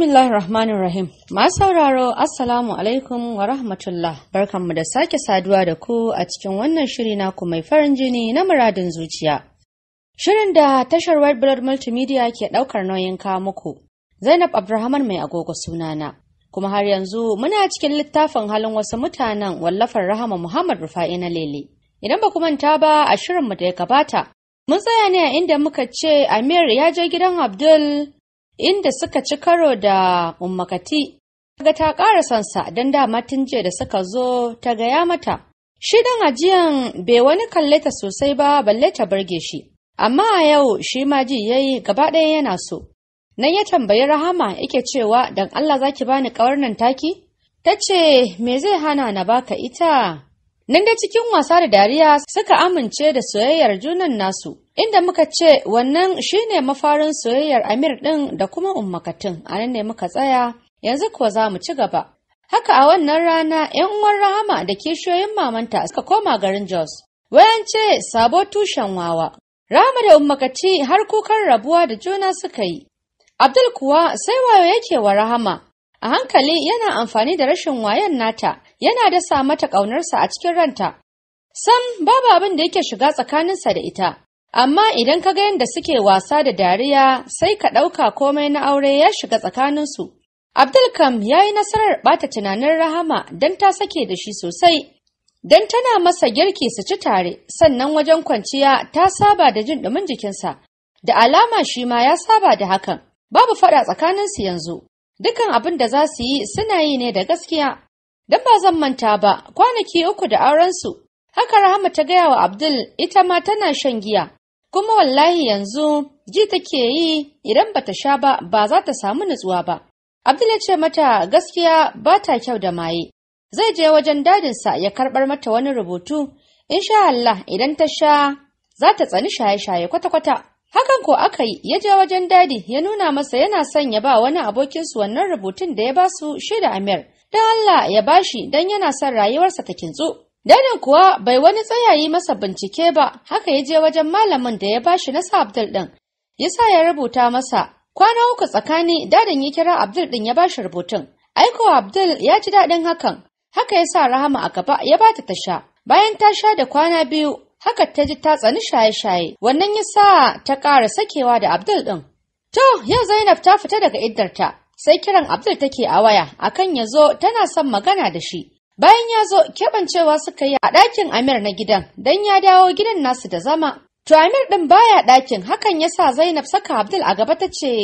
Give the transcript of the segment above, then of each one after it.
Bismillahirrahmanirrahim. Masu sauraro, Assalamu alaikum wa rahmatullah. Barkanmu da sake saduwa da ku a cikin wannan shiri naku mai farin jini na muradin zuciya. Shirin da tashar White Blood Multimedia ke ɗaukar nauyin kamuku. muku. Zainab Abdulrahman mai agogo sunana. Kuma har yanzu muna cikin littafin halin wasu mutanen wallafar Rahama Muhammad Rufa'i na Lele. Idan ba ku manta ba a shirinmu da ya gabata, mun tsaya ne a inda muka ce Amir ya je gidan Abdul inda suka ci karo da ummakati ga ta ƙara sansa don dama tun jiya da suka zo ta gaya mata shi dan ajiyan bai wani kalle ta sosai ba balle ta burge shi amma yau shi ma ji ya yi, gaba ɗaya yana so nan ya tambayi rahama yake cewa dan Allah za ki bani ƙawar nan taki ta ce me zai hana na baka ita nan da cikin wasa da dariya suka amince da soyayyar junan nasu inda muka ce wannan shine mafarin soyayyar Amir ɗin da kuma ummakatun a nan ne muka tsaya yanzu kuwa za mu ci gaba. Haka a wannan rana ‘yan uwan Rahama da kishiyoyin mamanta suka koma garin Jos. Wayan ce sabo tushen wawa. Rahama da ummakati har kukan rabuwa da juna suka yi. Abdul kuwa sai wayo yake wa Rahama. A hankali yana amfani da rashin wayan nata, yana dasa mata ƙaunarsa a cikin ranta. Sam babu abin da yake shiga tsakaninsa da ita. Amma idan ka ga yadda suke wasa da dariya sai ka ɗauka komai na aure ya shiga tsakaninsu. Abdulkam ya yi nasarar ɓata tunanin Rahama don ta sake da shi sosai, don tana masa girki su ci tare, sannan wajen kwanciya ta saba da jin ɗumin jikinsa, da alama shi ma ya saba da hakan, babu faɗa tsakaninsu yanzu. Dukan abin da za su yi suna yi ne da gaskiya, don ba zan manta ba kwanaki uku da aurensu, haka Rahama ta gaya wa Abdul ita ma tana shan giya. kuma wallahi yanzu ji take yi idan bata sha ba ba za ta samu nutsuwa ba Abdul ce mata gaskiya ba ta kyau da maye zai je wajen dadinsa ya karbar mata wani rubutu insha Allah idan ta sha za ta tsani shaye-shaye kwata-kwata hakan ko aka yi ya je wajen dadi ya nuna masa yana son ya ba wani abokinsu wannan rubutun da ya ba su shi da Amir don Allah ya bashi don yana son rayuwarsa ta kintsu Dadin kuwa bai wani tsayayi masa bincike ba, haka ya je wajen malamin da ya bashi na sa Abdul ɗin. Yasa ya rubuta masa, kwana uku tsakani dadin ya kira Abdul ɗin ya bashi rubutun. Aiko Abdul ya ji daɗin hakan, haka ya sa Rahama a gaba ya ba ta sha. Bayan ta sha da kwana biyu, haka ta ji ta tsani shaye-shaye, wannan ya sa ta ƙara sakewa da Abdul ɗin. To, yau Zainab ta fita daga iddarta, sai kiran Abdul take a waya akan ya zo tana son magana da shi. Bayan ya zo, keɓancewa suka yi a ɗakin Amir na gidan, don ya dawo gidan nasu da zama. To Amir ɗin baya ɗakin, hakan ya sa Zainab saka Abdul a gaba ta ce,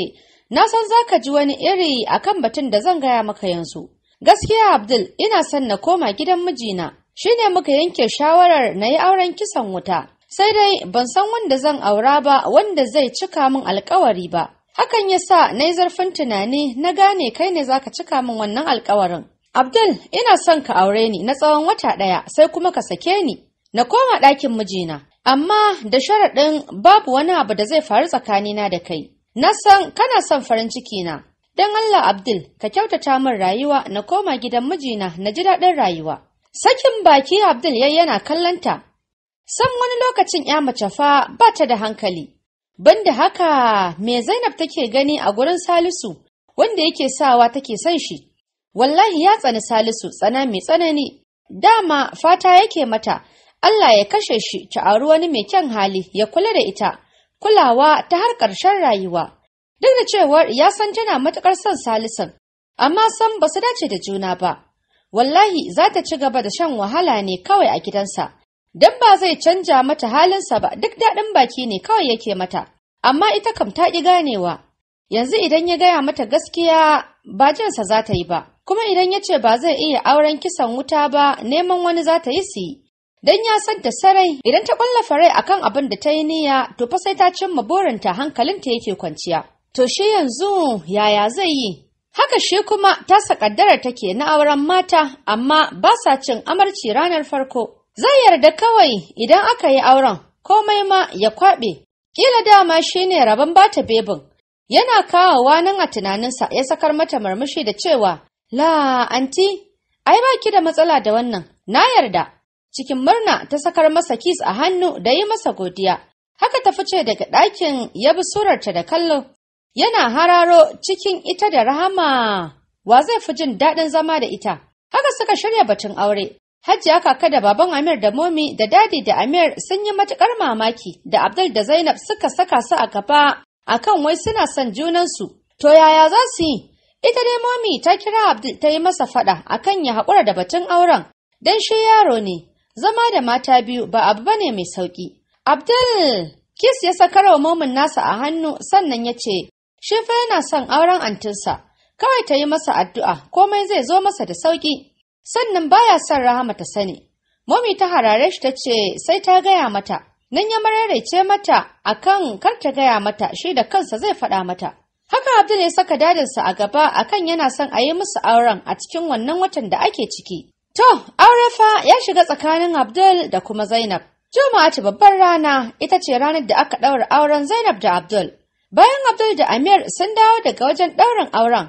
Na san za ka ji wani iri a kan batun da zan gaya maka yanzu. Gaskiya Abdul, ina son na koma gidan mijina, shi ne muka yanke shawarar na yi auren kisan wuta. Sai dai ban san wanda zan aura ba wanda zai cika min alkawari ba. Hakan ya sa na yi zarfin tunani na gane kai ne za ka cika min wannan alkawarin. Abdul, ina son ka aure ni na tsawon wata ɗaya sai kuma ka sake ni, na koma ɗakin mijina, amma da sharaɗin babu wani abu da zai faru tsakanina da kai. Na san kana son farin ciki na. Don Allah Abdul, ka kyautata min rayuwa na koma gidan mijina na ji daɗin rayuwa. Sakin baki Abdul yayi yana kallanta. San wani lokacin ya mace fa ba ta da hankali. Banda haka me Zainab take gani a gurin Salisu wanda yake sawa take son shi. wallahi ya tsani Salisu tsana mai tsanani dama fata yake mata Allah ya kashe shi ta auri wani mai kyan hali ya kula da ita kulawa ta har ƙarshen rayuwa duk da cewar ya san tana matuƙar son Salisun amma san ba su dace da juna ba wallahi za ta ci gaba da shan wahala ne kawai a gidansa dan ba zai canja mata halinsa ba duk daɗin baki ne kawai yake mata amma ita kam ta ki ganewa yanzu idan ya gaya mata gaskiya ba jinsa za ta yi ba kuma idan ya ce ba zai iya auren kisan wuta ba neman wani za ta yi si. Dan ya san ta sarai idan ta farai rai kan abin da ta yi niyya to fa sai ta cimma burinta hankalinta yake kwanciya. To shi yanzu yaya zai yi? Haka shi kuma tasa ƙaddarar take na auren mata, amma ba sa cin amarci ranar farko. Zai yarda kawai idan aka yi auren, komai ma ya kwaɓe. Ƙila dama shi ne rabon bata bebin. Yana kawowa nan a tunaninsa ya sakar mata murmushi da cewa, La, anti, ai ba ki da matsala da wannan, na yarda. Cikin murna ta sakar masa kis a hannu da yi masa godiya. Haka ta fice daga ɗakin ya bi surarta da kallo. Yana hararo cikin ita da rahama. Wa zai fi jin daɗin zama da ita? Haka suka shirya batun aure. Hajiya kaka da baban Amir da Momi da dadi da Amir sun yi matuƙar mamaki da Abdul da Zainab suka saka su a gaba akan wai suna son junansu. To yaya za su yi? Ita dai Mami ta kira Abdul ta yi masa faɗa akan ya haƙura da batun auren, don shi yaro ne, zama da mata biyu ba abu ba ne mai sauƙi. Abdul Kis ya wa momin nasa a hannu sannan ya ce, Shi fa yana son auren antinsa, kawai ta yi masa addu'a komai zai zo masa da sauƙi, sannan baya son Rahama ta sani. Momi ta harare shi ta ce sai ta gaya mata, nan ya mararece mata akan kar ta gaya mata shi da kansa zai faɗa mata. Haka Abdul ya saka dadinsa a gaba akan yana son a yi musu auren a cikin wannan watan da ake ciki. To, aure fa ya shiga tsakanin Abdul da kuma Zainab. Juma'a ce babbar rana, ita ce ranar da aka ɗaura auren Zainab da Abdul. Bayan Abdul da Amir sun dawo daga wajen ɗaurin auren,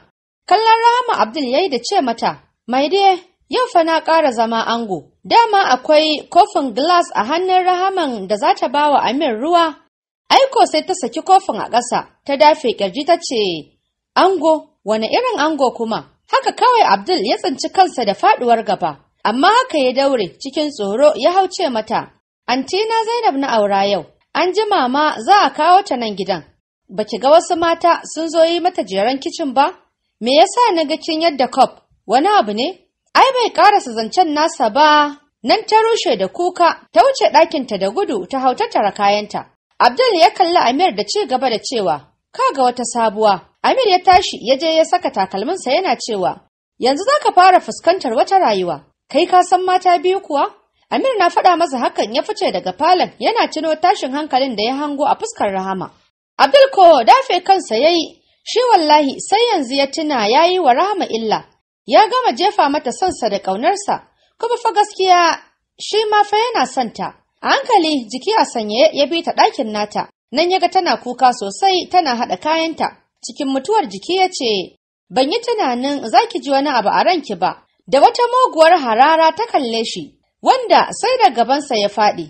kallon Rahama Abdul ya yi da ce mata, Mai dai, yau fa na ƙara zama ango. Dama akwai kofin glass a hannun Rahaman da za ta ba wa Amir ruwa Aiko sai ta saki kofin a ƙasa, ta dafe ƙirji ta ce, Ango, wane irin ango kuma? Haka kawai Abdul ya tsinci kansa da faɗuwar gaba, amma haka ya daure cikin tsoro ya hauce mata. Antina Zainab na aura yau, an ji mama za a kawo ta nan gidan. Ba ki ga wasu mata sun zo yi mata jeren kicin ba? Me yasa na ga kin yadda kop? Wani abu ne? Ai bai ƙarasa zancen nasa ba, nan ta rushe da kuka ta wuce ɗakinta da gudu ta hauta tara kayanta. Abdul ya kalli Amir da ci gaba da cewa, "Kaga wata sabuwa." Amir ya tashi ya je ya saka takalminsa yana cewa, "Yanzu za ka fara fuskantar wata rayuwa, kai ka san mata biyu kuwa?" Amir na faɗa masa hakan ya fice daga falon yana tuno tashin hankalin da ya hango a fuskar Rahama. Abdul ko dafe kansa ya yi, shi wallahi sai yanzu ya tuna ya yi wa Rahama illa, ya gama jefa mata sonsa da ƙaunarsa, kuma fa gaskiya shi ma fa yana santa. A hankali jiki a sanye ya bi ta ɗakin nata, nan ya ga tana kuka sosai tana haɗa kayanta, cikin mutuwar jiki ya ce, Ban yi tunanin za ki ji wani abu a ranki ba, da wata muguwar harara ta kalle shi, wanda sai da gabansa ya faɗi.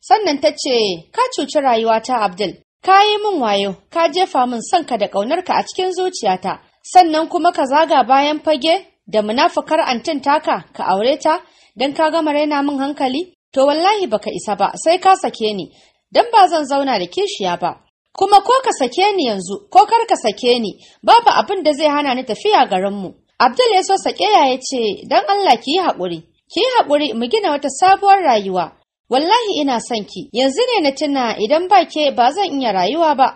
Sannan ta ce, Ka cuci rayuwata Abdul, ka yi min wayo, ka jefa min sanka da ƙaunarka a cikin zuciyata, sannan kuma ka zaga bayan fage da munafukar antin taka ka aure ta don ka gama raina min hankali? to wallahi baka isa ba sai ka sake ni dan ba zan zauna da kishiya ba kuma ko ka sake ni yanzu ko kar ka sake ni babu abin da zai hana ni tafiya garin mu abdul ya so sake ya ce dan allah ki yi haƙuri ki yi haƙuri mu gina wata sabuwar rayuwa wallahi ina son ki yanzu ne na tuna idan ba ke ba zan iya rayuwa ba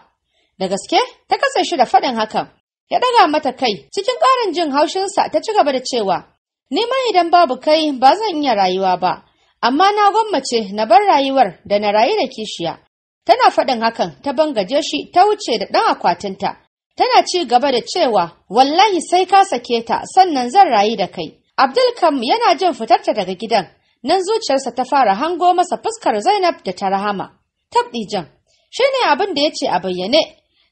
da gaske ta kasa shi da faɗin hakan ya ɗaga mata kai cikin ƙarin jin haushinsa ta ci gaba da cewa ni ma idan babu kai ba zan iya rayuwa ba amma na gwammace na bar rayuwar da na rayu da kishiya tana faɗin hakan ta bangaje shi ta wuce da ɗan akwatinta tana ci gaba da cewa wallahi sai ka sake ta sannan zan rayu da kai abdul kam yana jin fitarta daga gidan nan zuciyarsa ta fara hango masa fuskar zainab da ta rahama tabdijan shi ne abin da ya ce a bayyane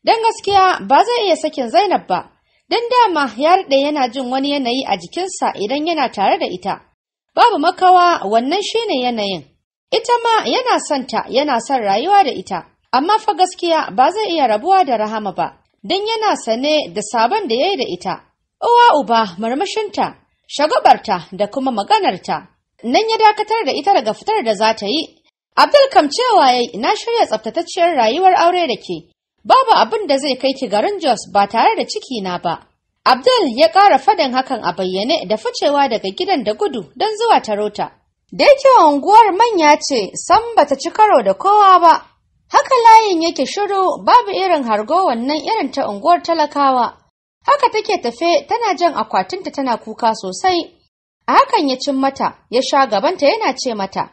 don gaskiya ba zai iya sakin zainab ba don dama ya daɗe yana jin wani yanayi a jikinsa idan yana tare da ita babu makawa wannan shine yanayin ita ma yana son ta yana son rayuwa da ita amma fa gaskiya ba zai iya rabuwa da rahama ba don yana sane da sabon da ya yi da ita uwa uba marmashinta shagabarta da kuma maganarta nan ya dakatar da ita daga fitar da za ta yi abdul kam cewa ya na shirya tsaftatacciyar rayuwar aure da ke babu abin da zai kai ki garin jos ba tare da ciki na ba Abdul ya ƙara faɗin hakan a bayyane da ficewa daga gidan da gudu don zuwa Tarota. Da yake unguwar manya ce san bata ci karo da kowa ba. Haka layin yake shiru babu irin hargo wannan irin ta unguwar talakawa. Haka take tafe tana jan akwatinta tana kuka sosai. A hakan ya cin mata, ya sha gabanta yana ce mata,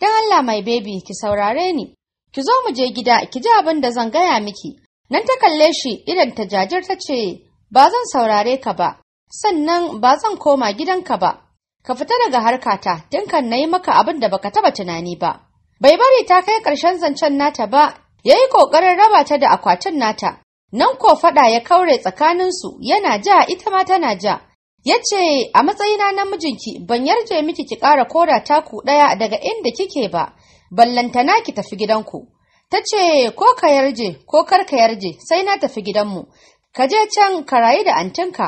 "Dan Allah mai bebi ki saurare ni, ki zo mu je gida ki ji abin da zan gaya miki." Nan ta kalle shi idan ta jajir ta ce, ba zan saurare ka ba, sannan ba zan koma gidanka ba, ka fita daga harkata don kan na yi maka abin da baka taba tunani ba. Bai bari ta kai ƙarshen zancen nata ba, ya yi ƙoƙarin raba ta da akwatin nata, nan ko faɗa ya kaure tsakaninsu yana ja ita ma tana ja. Ya ce, A matsayina na mijinki, ban yarje miki ki ƙara koda taku ɗaya daga inda kike ba, ballantana ki tafi gidanku. ta ce ko ka yarje ko kar ka yarje sai na tafi gidanmu ka je can ka rayu da antinka.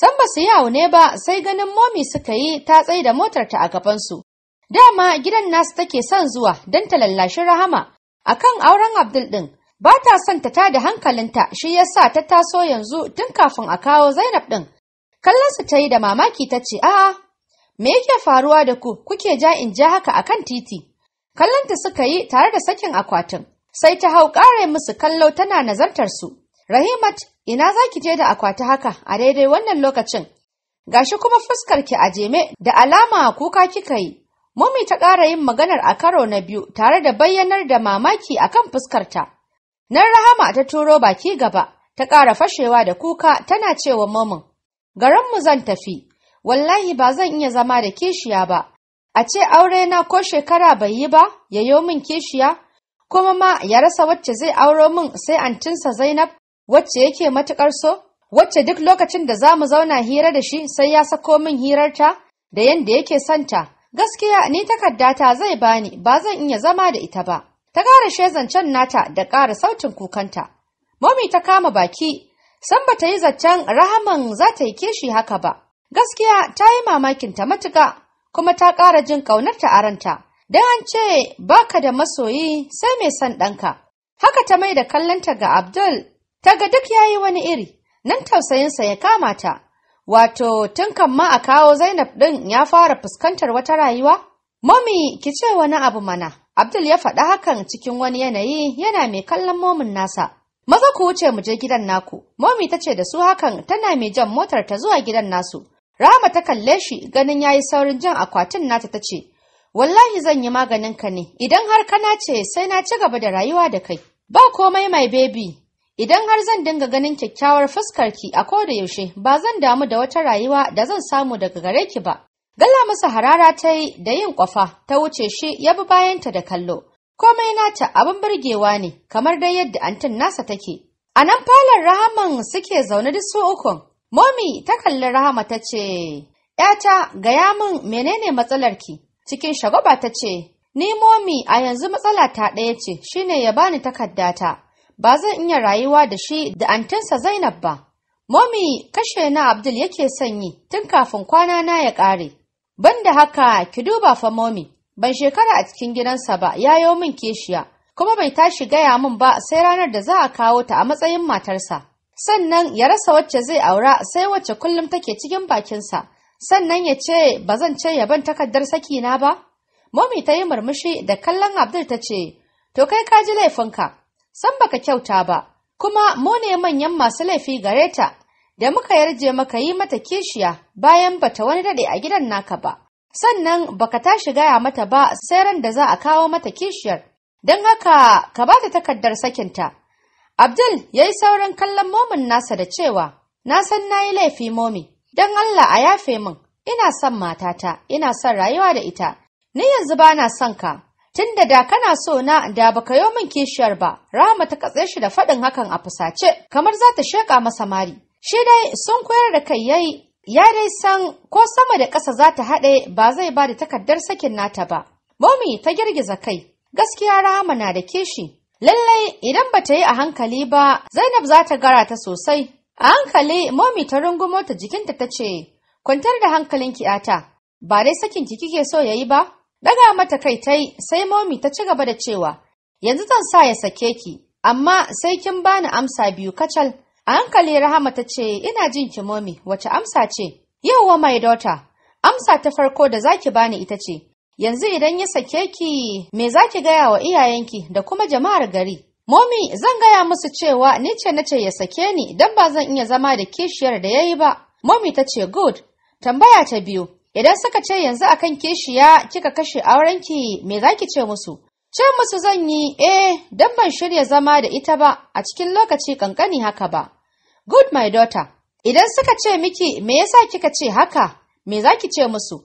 San ba su yawo ne ba sai ganin momi suka yi ta tsaye da motarta a gabansu. Dama gidan nasu take son zuwa don ta lallashi Rahama kan auren Abdul ɗin. Ba ta son ta tada hankalinta shi ya sa ta taso yanzu tun kafin a kawo Zainab ɗin. Kallon su ta yi da mamaki ta ce, "A'a, me yake faruwa da ku kuke ja in ja haka akan titi?" Kallonta suka yi tare da sakin akwatin, sai ta hau ƙare musu kallo tana nazartar su. Rahimat ina za ki je da akwati haka a daidai wannan lokacin gashi kuma fuskar ki a jeme da alama kuka kika yi Mummi ta ƙara yin maganar a karo na biyu tare da bayyanar da mamaki a kan fuskarta nan Rahama ta turo baki gaba ta ƙara fashewa da kuka tana cewa mamin garinmu zan tafi wallahi ba zan iya zama da kishiya ba a ce aure na ko shekara bai yi ba yayo min kishiya kuma ma ya rasa wacce zai auro min sai antinsa Zainab wacce yake matukar so wacce duk lokacin da za mu zauna hira da shi sai ya sako min hirarta da yadda yake santa gaskiya ni takardata zai bani ba zan iya zama da ita ba ta ƙara shezancen nata da ƙara sautin kukanta momi ta kama baki san ba ta yi zaccen rahaman za ta yi kishi haka ba gaskiya ta yi mamakin ta matuka, kuma ta ƙara jin ƙaunarta a ranta don an ce ba ka da masoyi sai mai son ɗanka haka ta mai da kallonta ga abdul ta ga duk yayi wani iri nan tausayinsa ya kama ta wato tun kan ma a kawo Zainab ɗin ya fara fuskantar wata rayuwa? Mami, ki ce wani abu mana, Abdul ya faɗa hakan cikin wani yanayi yana mai kallon momin nasa. Maza ku wuce mu je gidan naku, Mami ta ce da su hakan tana mai jan motar ta zuwa gidan nasu. Rama ta kalle shi ganin ya yi saurin jan akwatin nata ta ce, Wallahi zan yi maganin ka ne, idan har kana ce sai na ci gaba da rayuwa da kai. Ba komai mai bebi, Idan har zan dinga ganin kyakkyawar fuskarki a koda yaushe ba zan damu da wata rayuwa da zan samu daga gare ki ba. Galla masa harara ta yi da yin kwafa ta wuce shi ya bi bayanta da kallo. Komai nata abin burgewa ne kamar dai yadda antin nasa take. A nan falon Rahaman suke zaune duk su ukun. Momi ta kalli Rahama ta ce, ‘Yata, gaya min menene matsalar ki? Cikin shagwaba ta ce, Ni momi a yanzu matsala ta ɗaya ce, shine ya bani takardata. ba zan iya rayuwa da shi da antinsa Zainab ba. Momi kashe na Abdul yake sanyi tun kafin kwana na ya ƙare. Banda haka ki duba fa momi, ban shekara a cikin gidansa ba ya yayo min keshiya, kuma bai tashi gaya min ba sai ranar da za a kawo ta a matsayin matarsa. Sannan ya rasa wacce zai aura sai wacce kullum take cikin bakinsa, sannan ya ce ba zan ce ya ban takardar sakina ba? Momi ta yi murmushi da kallon Abdul ta ce, To kai ka ji laifinka, san baka kyauta ba kuma mu ne manyan masu laifi gare ta da muka yarje maka yi mata kishiya bayan bata wani daɗe a gidan naka ba sannan baka tashi gaya mata ba sai ran da za a kawo mata kishiyar don haka ka ba ta takardar sakinta abdul ya yi saurin kallon momin nasa da cewa na san na yi laifi momi don allah a yafe min ina son matata ina son rayuwa da ita ni yanzu ba na son ka Tun da kana so na da baka yo min kishiyar ba rahama ta katse shi da faɗin hakan a fusace kamar za ta sheƙa masa mari shi dai sun koyar da kai yayi ya dai san ko sama da ƙasa za ta haɗe ba zai ba da takardar sakin nata ba momi ta girgiza kai gaskiya rahama na da kishi lallai idan ba ta yi a hankali ba zainab za ta gara ta sosai a hankali momi ta rungumo ta jikinta ta ce kwantar da hankalin kiyata ba dai sakin ki kike so yayi ba Daga mata kai ta sai momi ta ci gaba da cewa, yanzu zan sa ya sake ki, amma sai kin bani amsa biyu kacal. A hankali Rahama ta ce, ina jin ki momi, wace amsa ce? Yawwa mai daughter, amsa ta farko da zaki bani ita ce, yanzu idan ya sake ki me zaki gaya wa iyayenki da kuma jama'ar gari? Momi zan gaya musu cewa ni ce na ce ya sake ni don ba zan iya zama da kishiyar da yayi ba. Momi ta ce good. Tambaya ta biyu, idan suka ce yanzu akan kishiya, kika kashe aurenki me zaki ce musu ce musu zan yi eh dan ban shirya zama da ita ba a cikin lokaci kankani haka ba good my daughter idan suka ce miki me yasa kika ce haka me zaki ce musu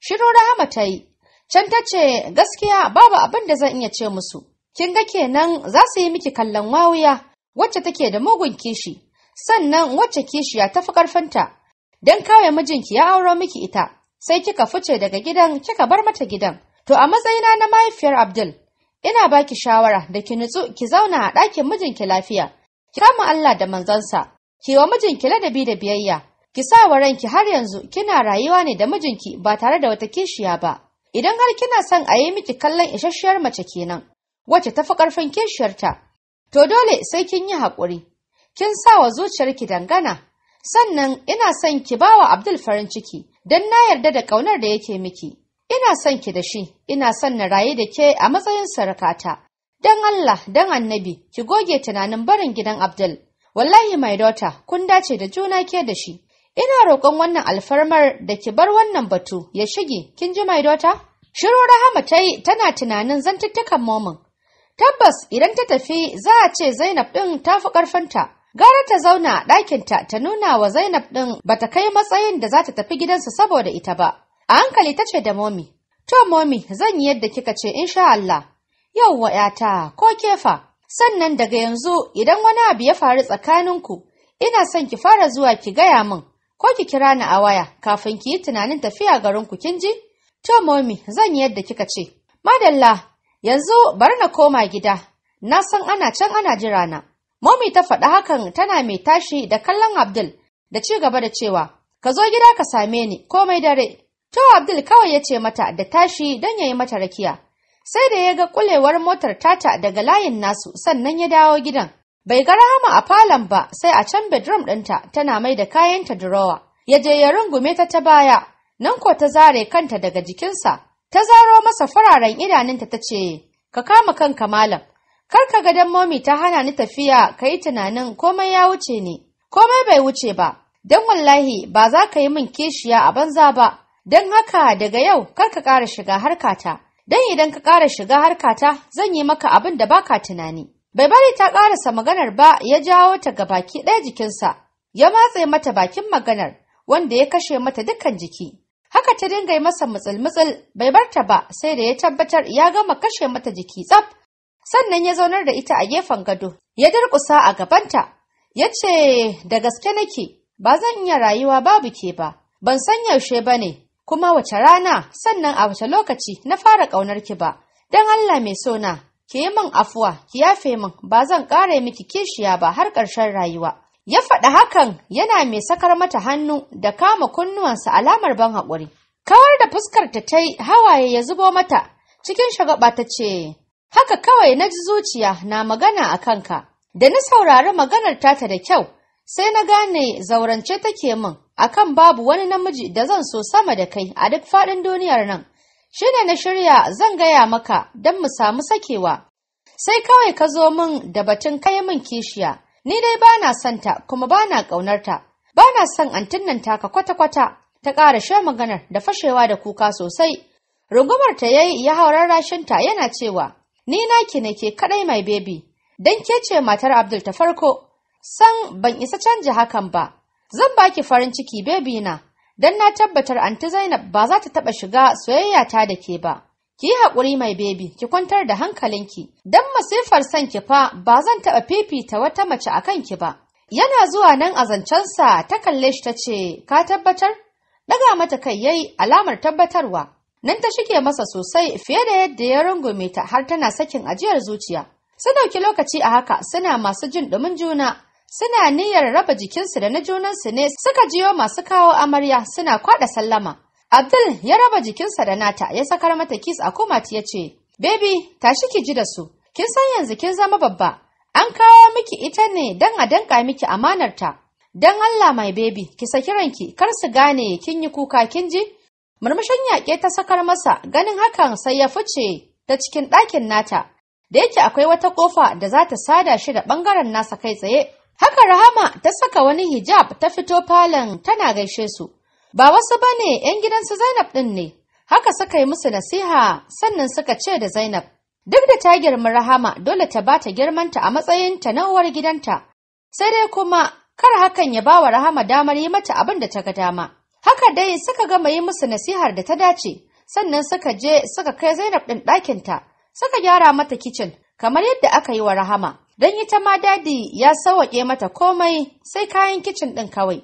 shiru rahama ta yi can ta ce gaskiya babu abin da zan iya ce musu kin ga kenan za su yi miki kallon wawuya wacce take da mugun kishi sannan wacce kishiya ta fi ƙarfinta don kawai mijinki ya auro miki ita sai kika fice daga gidan kika bar mata gidan to a matsayina na mahaifiyar Abdul ina baki shawara da ki nutsu ki zauna a ɗakin mijinki lafiya ki kama Allah da manzansa ki wa mijinki ladabi da biyayya ki sa wa ranki har yanzu kina rayuwa ne da mijinki ba tare da wata kishiya ba idan har kina son a yi miki kallon isasshiyar mace kenan wacce tafi ƙarfin kishiyarta to dole sai kin yi haƙuri kin sa wa zuciyarki dangana sannan ina son ki bawa Abdul farin ciki don na yarda da ƙaunar da yake miki. Ina son ki da shi, ina son na raye da ke a matsayin sarakata. Don Allah, don annabi, ki goge tunanin barin gidan Abdul. Wallahi mai daughter, kun dace da juna ke da shi. Ina roƙon wannan alfarmar da ki bar wannan batu ya shige, kin ji mai daughter? Shiru Rahama ta yi tana tunanin zantuttukan momin. Tabbas idan ta tafi za a ce Zainab ɗin ta fi ƙarfinta. Gara ta zauna a ɗakinta ta nuna wa Zainab ɗin ba ta kai matsayin da za ta tafi gidansu saboda ita ba. A hankali ta ce da momi, To momi zan yi yadda kika ce in sha Allah. Yauwa ‘yata ko kefa, sannan daga yanzu idan wani abu ya faru tsakaninku, ina son ki fara zuwa ki gaya min, ko ki kira ni a waya kafin ki yi tunanin tafiya garinku kin ji? To momi zan yi yadda kika ce. Madalla, yanzu bari na koma gida, na san ana can ana jira na. Momi ta faɗi hakan tana mai tashi da kallon Abdul da ci gaba da cewa, Ka zo gida ka same ni komai dare. To Abdul kawai ya ce mata da tashi don ya yi mata rakiya. Sai da ya ga kulewar motar tata daga layin nasu sannan ya dawo gidan. Bai ga Rahama a falon ba sai a can bedroom ɗinta tana mai da kayanta durowa. Ya je ya rungume ta ta baya, nan ko ta zare kanta daga jikinsa. Ta zaro masa fararen idanunta ta ce, Ka kama kanka malam, Kar ka ga dan momi ta hana ni tafiya ka yi tunanin komai ya wuce ne, komai bai wuce ba, Dan wallahi ba za ka yi min kishiya a banza ba, Dan haka daga yau kar ka ƙara shiga harkata, Dan idan ka ƙara shiga harkata zan yi maka abin da baka tunani. Bai bari ta ƙarasa maganar ba ya jawo ta ga baki ɗaya jikinsa, ya matse mata bakin maganar wanda ya kashe mata dukkan jiki. Haka ta dinga yi masa mutsul-mutsul bai bar ta ba sai da ya tabbatar ya gama kashe mata jiki tsaf sannan ya zaunar da ita a gefen gado ya durƙusa a gabanta ya ce da gaske nake ba zan iya rayuwa babu ke ba ban san yaushe ba ne kuma wace rana sannan a wace lokaci na fara ƙaunar ki ba don Allah mai sona ki yi min afuwa ki yafe min ba zan ƙara miki kishiya ba har ƙarshen rayuwa ya faɗi hakan yana mai sakar mata hannu da kama kunnuwansa alamar ban haƙuri kawar da fuskar ta ta yi hawaye ya zubo mata cikin shagaba ta ce haka kawai na ji zuciya na magana a kanka, da na saurari maganar tata da kyau, sai na gane zaurance take min akan babu wani namiji da zan so sama da kai a duk faɗin duniyar nan. Shi ne na shirya zan gaya maka don mu samu sakewa. Sai kawai ka zo min da batun kai min kishiya, ni dai ba na santa kuma ba na ƙaunarta, ba na son antin nan taka kwata-kwata. Ta ƙara shan maganar da fashewa da kuka sosai. rungumarta ya yi ya haurar rashinta yana cewa, ni naki nake kadai mai bebi. dan kece matar Abdul ta farko san ban isa canza hakan ba zan baki farin ciki baby na dan na tabbatar anti Zainab ba za ta taba shiga soyayya ta da ke ba ki haƙuri mai bebi, ki kwantar da hankalinki dan masifar san ki fa ba zan taba fifita wata mace a kanki ba yana zuwa nan a zancensa ta kalle shi ta ce ka tabbatar daga mata kai yayi alamar tabbatarwa Nan ta shige masa sosai fiye da yadda ya rungume ta har tana sakin ajiyar zuciya. Su ɗauki lokaci a haka suna masu jin ɗumin juna, suna niyyar raba jikinsu da na junansu ne suka jiyo masu kawo amarya suna kwaɗa sallama. Abdul ya raba jikinsa da nata ya sakar mata kis a kuma ya ce, Baby, tashi ki ji da su, kin san yanzu kin zama babba, an kawo miki ita ne don a danka miki amanarta. Don Allah mai baby, ki saki ranki, kar su gane kin yi kuka kin ji, Murmushin yaƙe ta sakar masa ganin hakan sai ya fice ta cikin ɗakin nata, da yake akwai wata ƙofa da za ta sada shi da ɓangaren nasa kai tsaye. Haka Rahama ta saka wani hijab ta fito falon tana gaishe su. Ba wasu ba ne ‘yan gidansu Zainab ɗin ne, haka suka yi musu nasiha sannan suka ce da Zainab. Duk da ta girma Rahama dole ta ba ta girmanta a matsayinta na uwar gidanta, sai dai kuma kar hakan ya ba wa Rahama damar yi mata abin da ta ga dama. Haka dai suka gama yi musu nasihar da ta dace, sannan suka je suka kai Zainab ɗin ɗakinta, suka gyara mata kicin, kamar yadda aka yi wa Rahama. Don ita ma dadi ya sawaƙe mata komai sai kayan kicin ɗin kawai.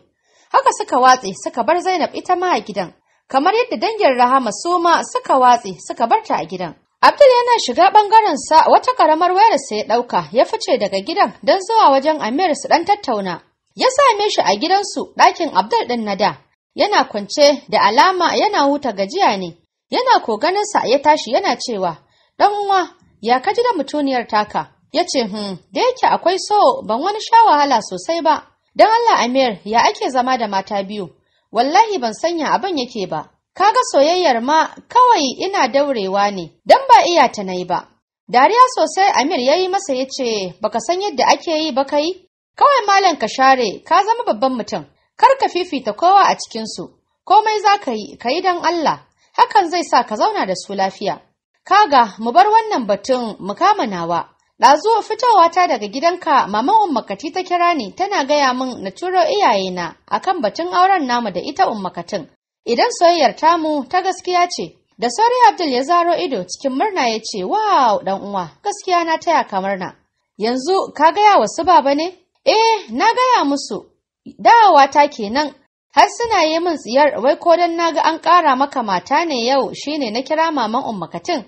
Haka suka watse suka bar Zainab ita ma a gidan, kamar yadda dangin Rahama su ma suka watse suka bar ta a gidan. Abdul yana shiga ɓangaren sa wata karamar wayar sa ya ɗauka ya fice daga gidan don zuwa wajen Amir su ɗan tattauna. Ya same shi a gidansu ɗakin Abdul ɗin na da, yana kwance da alama yana huta gajiya ne yana koganinsa ya tashi yana cewa dan uwa ya kaji da mutuniyar taka ya ce hmm da yake akwai so ban wani sha wahala sosai ba don Allah Amir ya ake zama da mata biyu wallahi ban sanya abin yake ba Ka ga soyayyar ma kawai ina daurewa ne don ba iya ta yi ba dariya sosai Amir ya yi masa ya ce baka san yadda ake yi ba kai kawai malam ka share ka zama babban mutum kar ka fifita kowa a cikinsu, komai za ka yi, ka yi don Allah, hakan zai sa ka zauna da su lafiya. Kaga, mu bar wannan batun mu kama nawa. Ɗazu fitowa ta daga gidanka maman ummakati ta kira ni tana gaya min na turo iyayena a kan batun auren namu da ita ummakatin. Idan soyayyar tamu ta gaskiya ce, da sauri Abdul ya zaro ido cikin murna ya ce, "Wow, dan uwa, gaskiya na taya kamar na. Yanzu ka gaya wasu baba ne? Eh, na gaya musu, dawowa ta kenan har suna yi min tsiyar wai ko dan naga an ƙara maka mata ne yau shine na kira maman ummakatin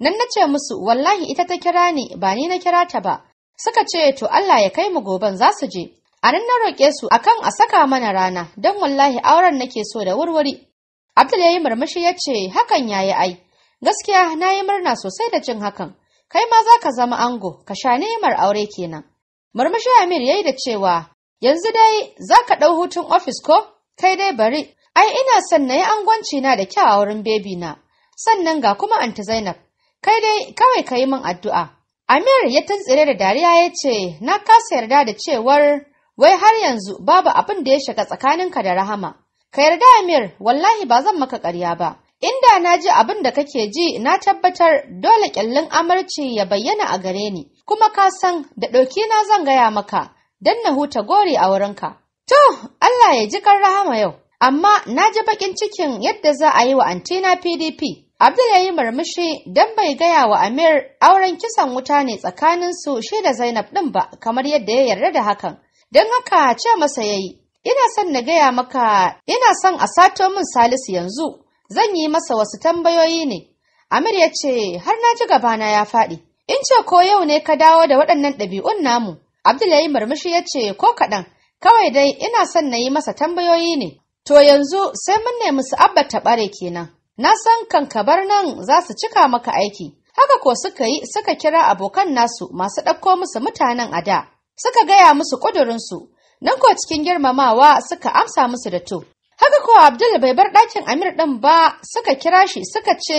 nan na ce musu wallahi ita ta kira ni ba ni na kira ta ba suka ce to Allah ya kai mu goben za su je a nan na roke su akan a saka mana rana dan wallahi auren nake so da wurwuri Abdul yayi murmushi yace hakan yayi ai gaskiya na yi murna sosai da cin hakan kai ma zaka zama ango ka sha mar aure kenan murmushi Amir yayi da cewa Yanzu dai za ka ɗau hutun ofis ko? Kai dai bari, ai ina son na yi angwanci na da kyau a wurin bebi na, sannan ga kuma Anta Zainab, kai dai kawai ka yi min addu'a. Amir ya tantsire da dariya ya ce, na kasa yarda da cewar wai har yanzu babu abin da ya shiga tsakaninka da Rahama. Ka yarda Amir, wallahi ba zan maka ƙarya ba. Inda na ji abin da kake ji na tabbatar dole ƙyallin amarci ya bayyana a gare ni, kuma ka san da ɗauki na zan gaya maka. don na huta gori a wurinka. To, Allah ya ji kan rahama yau, amma na ji baƙin cikin yadda za a yi wa antina PDP. Abdul ya yi murmushi don bai gaya wa Amir auren kisan wuta ne tsakaninsu shi da Zainab ɗin ba, kamar yadda ya yarda da hakan. Don haka ce masa ya yi, ina son na gaya maka, ina son a sato min Salisu yanzu, zan yi masa wasu tambayoyi ne. Amir ya ce, har na ji gabana ya faɗi, in ce ko yau ne ka dawo da waɗannan ɗabi'un namu, Abdul ya yi murmushi ya ce ko kaɗan kawai dai ina son na yi masa tambayoyi ne. To yanzu sai mun nemi su abba ta ɓare kenan. Na san kankabar nan za su cika maka aiki. Haka ko suka yi suka kira abokan nasu masu ɗauko musu mutanen a da. Suka gaya musu ƙudurinsu. Nan ko cikin girmamawa suka amsa musu da to. Haka ko Abdul bai bar ɗakin Amir ɗin ba suka kira shi suka ce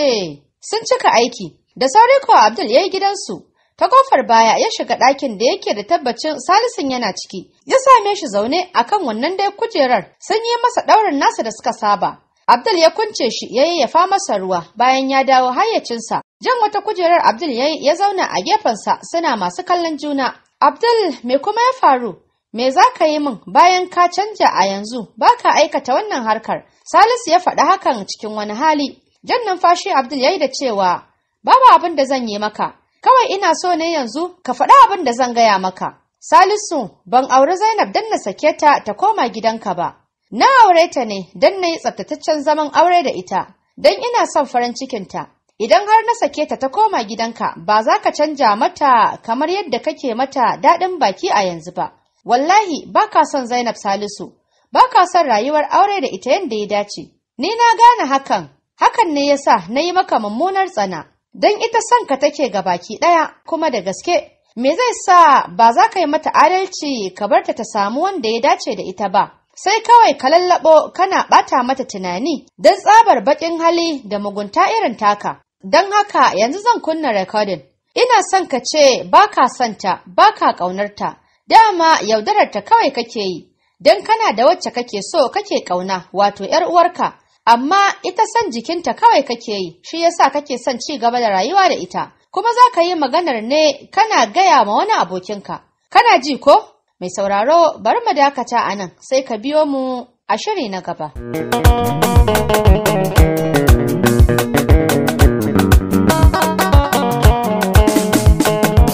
sun cika aiki. Da sauri ko Abdul ya yi gidansu ta kofar baya ya shiga ɗakin da yake da tabbacin salisun yana ciki ya same shi zaune a kan wannan dai kujerar sun yi masa ɗaurin nasa da suka saba Abdul ya kunce shi ya yi yafa masa ruwa bayan ya dawo hayyacinsa. Jan wata kujerar Abdul ya, ya zauna a gefensa suna masu kallon juna. Abdul me kuma ya faru? Me za ka yi min bayan ka canja a yanzu ba ka aikata wannan harkar? Salisu ya faɗi hakan cikin wani hali. Jan numfashi Abdul ya yi da cewa, Babu abin da zan yi maka, kawai ina so ne yanzu ka faɗa abin da zan gaya maka salisu ban auri zainab don na sake ta ta koma gidanka ba na aure ta ne don na yi tsaftataccen zaman aure da ita don ina son farin cikinta idan har na sake ta ta koma gidanka ba za ka canja mata kamar yadda kake mata daɗin baki a yanzu ba wallahi ba ka son zainab salisu ba ka son rayuwar aure da ita yadda ya dace ni na gane hakan hakan ne ya sa na yi maka mummunar tsana don ita son ka take ga baki ɗaya kuma da gaske me zai sa ba za ka yi mata adalci ka bar ta samu wanda ya dace da ita ba sai kawai ka lallaɓo kana ɓata mata tunani don tsabar baƙin hali da mugunta irin taka don haka yanzu zan kunna rekodin ina son ka ce ba ka santa ba ka ƙaunarta dama yaudararta kawai kake yi don kana da wacce kake so kake ƙauna wato ‘yar uwarka amma ita son jikinta kawai kake yi shi yasa kake son ci gaba da rayuwa da ita kuma za ka yi maganar ne kana gaya ma wani abokinka kana ji ko mai sauraro bari mu dakata a sai ka biyo mu a shiri na gaba